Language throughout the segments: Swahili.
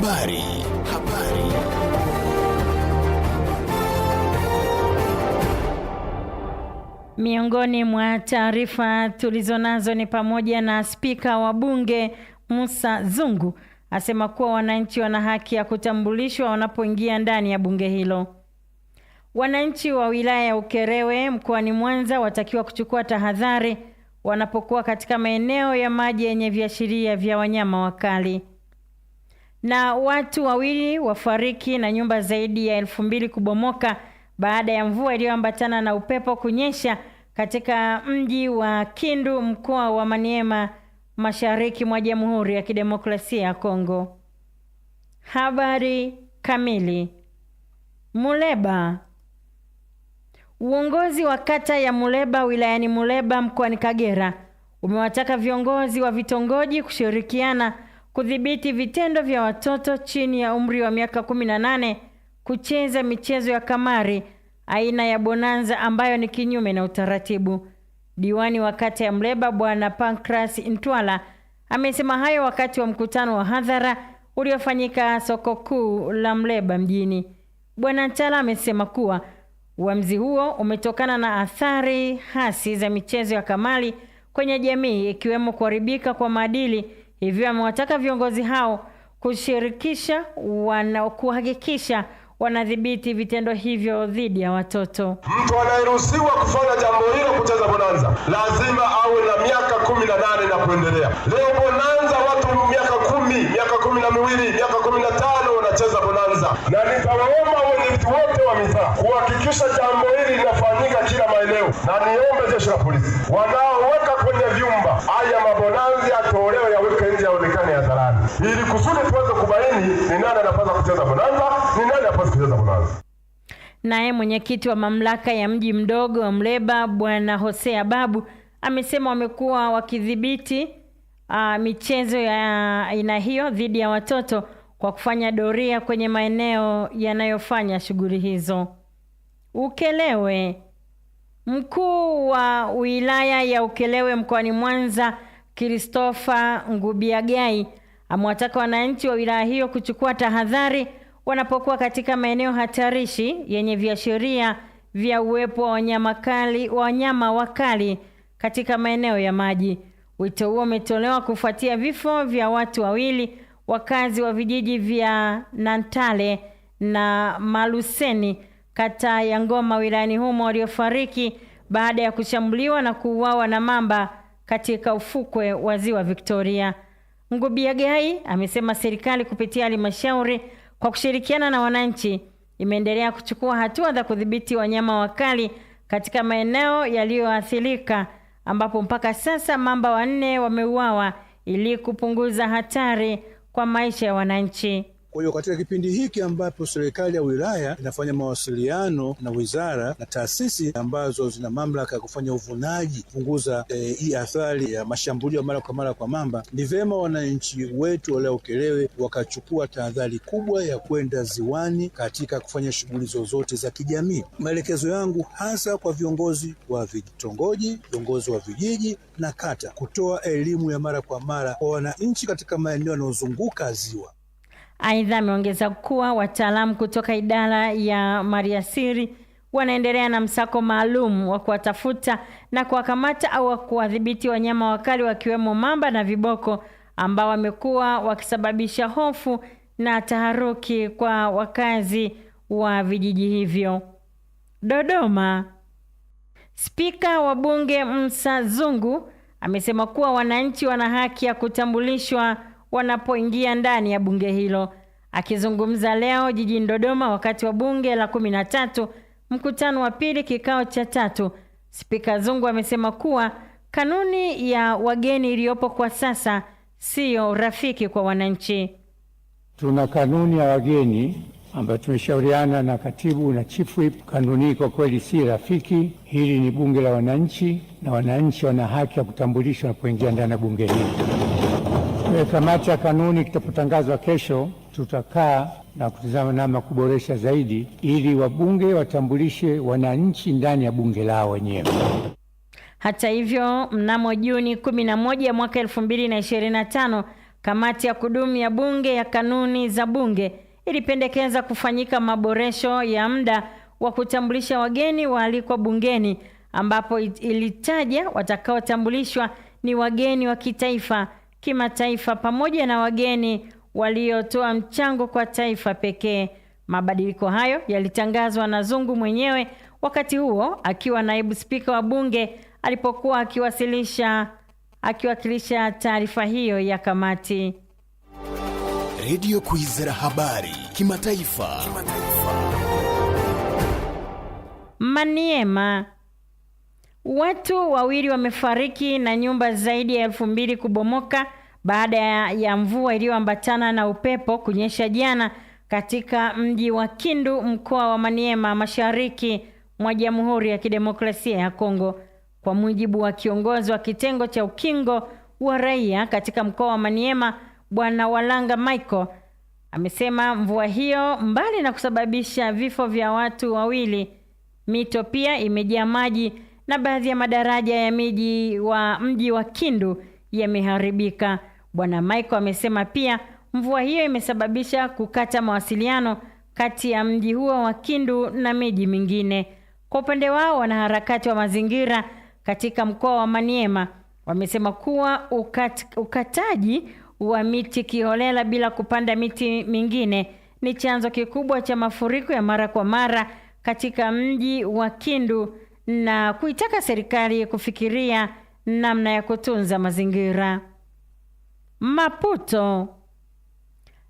Habari. Habari. Miongoni mwa taarifa tulizonazo ni pamoja na spika wa bunge Musa Zungu asema kuwa wananchi wana haki ya kutambulishwa wanapoingia ndani ya bunge hilo. Wananchi wa wilaya ya Ukerewe mkoani Mwanza watakiwa kuchukua tahadhari wanapokuwa katika maeneo ya maji yenye viashiria vya wanyama wakali. Na watu wawili wafariki na nyumba zaidi ya elfu mbili kubomoka baada ya mvua iliyoambatana na upepo kunyesha katika mji wa Kindu, mkoa wa Maniema, mashariki mwa Jamhuri ya Kidemokrasia ya Kongo. Habari kamili. Muleba. Uongozi wa kata ya Muleba wilayani Muleba mkoani Kagera umewataka viongozi wa vitongoji kushirikiana kudhibiti vitendo vya watoto chini ya umri wa miaka 18 kucheza michezo ya kamari aina ya bonanza ambayo ni kinyume na utaratibu. Diwani wa kata ya Mleba Bwana Pancras Ntwala amesema hayo wakati wa mkutano wa hadhara uliofanyika soko kuu la Mleba mjini. Bwana Ntwala amesema kuwa uamuzi huo umetokana na athari hasi za michezo ya kamari kwenye jamii ikiwemo kuharibika kwa maadili hivyo amewataka viongozi hao kushirikisha wana, kuhakikisha wanadhibiti vitendo hivyo dhidi ya watoto. Mtu anayeruhusiwa kufanya jambo hilo, kucheza bonanza, lazima awe na miaka kumi na nane na kuendelea. Leo bonanza watu miaka kumi, miaka kumi na miwili, miaka kumi na tano wanacheza bonanza, na nitawaomba wenyeviti wote wa mitaa kuhakikisha jambo hili linafanyika kila maeneo, na niombe jeshi la polisi wanaoweka kwenye vyumba haya mabonanza yawe ili kusudi tuweze kubaini ni nani anapaswa kucheza bonanza, ni nani anapaswa kucheza bonanza. Naye mwenyekiti wa mamlaka ya mji mdogo wa Mleba Bwana Hosea Babu amesema wamekuwa wakidhibiti uh, michezo ya aina hiyo dhidi ya watoto kwa kufanya doria kwenye maeneo yanayofanya shughuli hizo. Ukelewe. Mkuu wa wilaya ya Ukelewe mkoani Mwanza Kristofa Ngubiagai amewataka wananchi wa wilaya hiyo kuchukua tahadhari wanapokuwa katika maeneo hatarishi yenye viashiria vya uwepo wa wanyama kali wa wanyama wakali katika maeneo ya maji. Wito huo umetolewa kufuatia vifo vya watu wawili wakazi wa vijiji vya Nantale na Maluseni kata ya Ngoma wilayani humo waliofariki baada ya kushambuliwa na kuuawa na mamba katika ufukwe wa Ziwa Victoria. Gai amesema serikali kupitia halmashauri kwa kushirikiana na wananchi imeendelea kuchukua hatua za kudhibiti wanyama wakali katika maeneo yaliyoathirika ambapo mpaka sasa mamba wanne wameuawa ili kupunguza hatari kwa maisha ya wananchi. Kwa hiyo katika kipindi hiki ambapo serikali ya wilaya inafanya mawasiliano na wizara na taasisi ambazo zina mamlaka ya kufanya uvunaji, kupunguza eh, hii e, athari ya mashambulio mara kwa mara kwa mamba, ni vema wananchi wetu waliokelewe wakachukua tahadhari kubwa ya kwenda ziwani katika kufanya shughuli zozote za kijamii. Maelekezo yangu hasa kwa viongozi wa vitongoji, viongozi wa vijiji na kata, kutoa elimu ya mara kwa mara kwa wananchi katika maeneo yanayozunguka ziwa. Aidha, ameongeza kuwa wataalamu kutoka idara ya maliasili wanaendelea na msako maalum wa kuwatafuta na kuwakamata au kuwadhibiti wanyama wakali wakiwemo mamba na viboko ambao wamekuwa wakisababisha hofu na taharuki kwa wakazi wa vijiji hivyo. Dodoma. Spika wa Bunge msa Zungu amesema kuwa wananchi wana haki ya kutambulishwa wanapoingia ndani ya bunge hilo Akizungumza leo jijini Dodoma wakati wa bunge la kumi na tatu mkutano wa pili kikao cha tatu, Spika Zungu amesema kuwa kanuni ya wageni iliyopo kwa sasa siyo rafiki kwa wananchi. Tuna kanuni ya wageni ambayo tumeshauriana na katibu na chief whip. Kanuni hii kwa kweli si rafiki. Hili ni bunge la wananchi na wananchi wana haki ya kutambulishwa wanapoingia ndani ya bunge hili. Kamati ya kanuni kitapotangazwa kesho, tutakaa na kutizama namna kuboresha zaidi, ili wabunge watambulishe wananchi ndani ya bunge lao wenyewe. Hata hivyo, mnamo Juni 11 mwaka 2025 kamati ya kudumu ya bunge ya kanuni za bunge ilipendekeza kufanyika maboresho ya muda wa kutambulisha wageni waalikwa bungeni, ambapo ilitaja watakaotambulishwa ni wageni wa kitaifa kimataifa pamoja na wageni waliotoa mchango kwa taifa pekee. Mabadiliko hayo yalitangazwa na Zungu mwenyewe wakati huo akiwa naibu spika wa bunge alipokuwa akiwasilisha akiwakilisha taarifa hiyo ya kamati. Radio Kwizera habari kimataifa, Kima Maniema Watu wawili wamefariki na nyumba zaidi ya elfu mbili kubomoka baada ya mvua iliyoambatana na upepo kunyesha jana katika mji wa Kindu, mkoa wa Maniema, mashariki mwa Jamhuri ya Kidemokrasia ya Kongo. Kwa mujibu wa kiongozi wa kitengo cha ukingo wa raia katika mkoa wa Maniema, Bwana Walanga Michael amesema mvua hiyo mbali na kusababisha vifo vya watu wawili, mito pia imejaa maji na baadhi ya madaraja ya miji wa mji wa Kindu yameharibika. Bwana Michael amesema pia mvua hiyo imesababisha kukata mawasiliano kati ya mji huo wa Kindu na miji mingine. Kwa upande wao, wanaharakati wa mazingira katika mkoa wa Maniema wamesema kuwa ukat, ukataji wa miti kiholela bila kupanda miti mingine ni chanzo kikubwa cha mafuriko ya mara kwa mara katika mji wa Kindu na kuitaka serikali kufikiria namna ya kutunza mazingira. Maputo.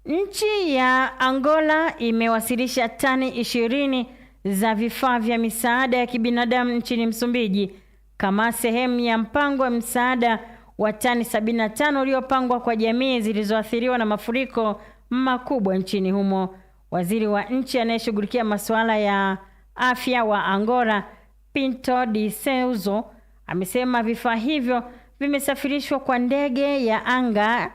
Nchi ya Angola imewasilisha tani ishirini za vifaa vya misaada ya kibinadamu nchini Msumbiji kama sehemu ya mpango wa msaada wa tani 75 uliopangwa kwa jamii zilizoathiriwa na mafuriko makubwa nchini humo. Waziri wa nchi anayeshughulikia masuala ya afya wa Angola Pinto Di Seuzo amesema vifaa hivyo vimesafirishwa kwa ndege ya anga,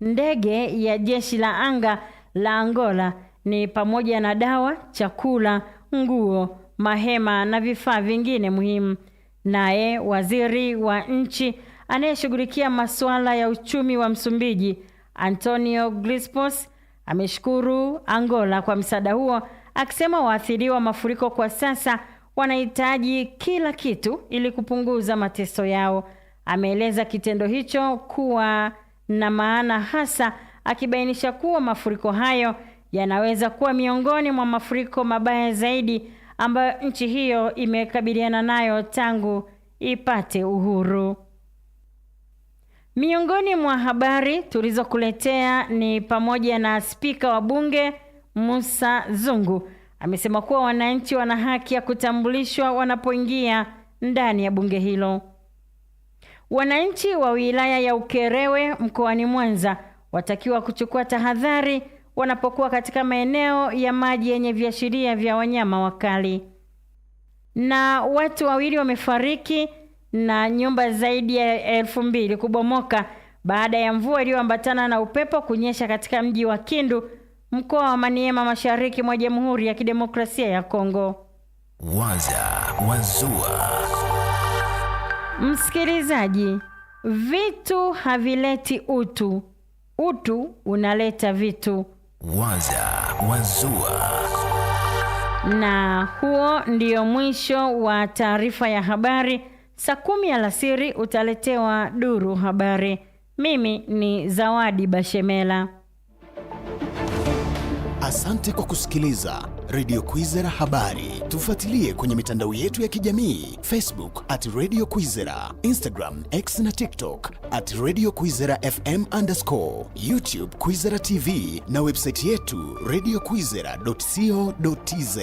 ndege ya jeshi la anga la Angola ni pamoja na dawa, chakula, nguo, mahema na vifaa vingine muhimu. Naye waziri wa nchi anayeshughulikia masuala ya uchumi wa Msumbiji, Antonio Grispos, ameshukuru Angola kwa msaada huo, akisema waathiriwa mafuriko kwa sasa wanahitaji kila kitu ili kupunguza mateso yao. Ameeleza kitendo hicho kuwa na maana hasa, akibainisha kuwa mafuriko hayo yanaweza kuwa miongoni mwa mafuriko mabaya zaidi ambayo nchi hiyo imekabiliana nayo tangu ipate uhuru. Miongoni mwa habari tulizokuletea ni pamoja na spika wa bunge Musa Zungu amesema kuwa wananchi wana haki ya kutambulishwa wanapoingia ndani ya bunge hilo. Wananchi wa wilaya ya Ukerewe mkoani Mwanza watakiwa kuchukua tahadhari wanapokuwa katika maeneo ya maji yenye viashiria vya wanyama wakali. Na watu wawili wamefariki na nyumba zaidi ya elfu mbili kubomoka baada ya mvua iliyoambatana na upepo kunyesha katika mji wa Kindu mkoa wa Maniema, mashariki mwa Jamhuri ya Kidemokrasia ya Kongo. Waza Wazua. Msikilizaji, vitu havileti utu, utu unaleta vitu. Waza Wazua. Na huo ndio mwisho wa taarifa ya habari. Saa kumi alasiri utaletewa duru habari. Mimi ni Zawadi Bashemela. Asante kwa kusikiliza Radio Kwizera Habari. Tufuatilie kwenye mitandao yetu ya kijamii Facebook at Radio Kwizera, Instagram, X na TikTok at Radio Kwizera FM underscore, YouTube Kwizera TV na website yetu radiokwizera.co.tz.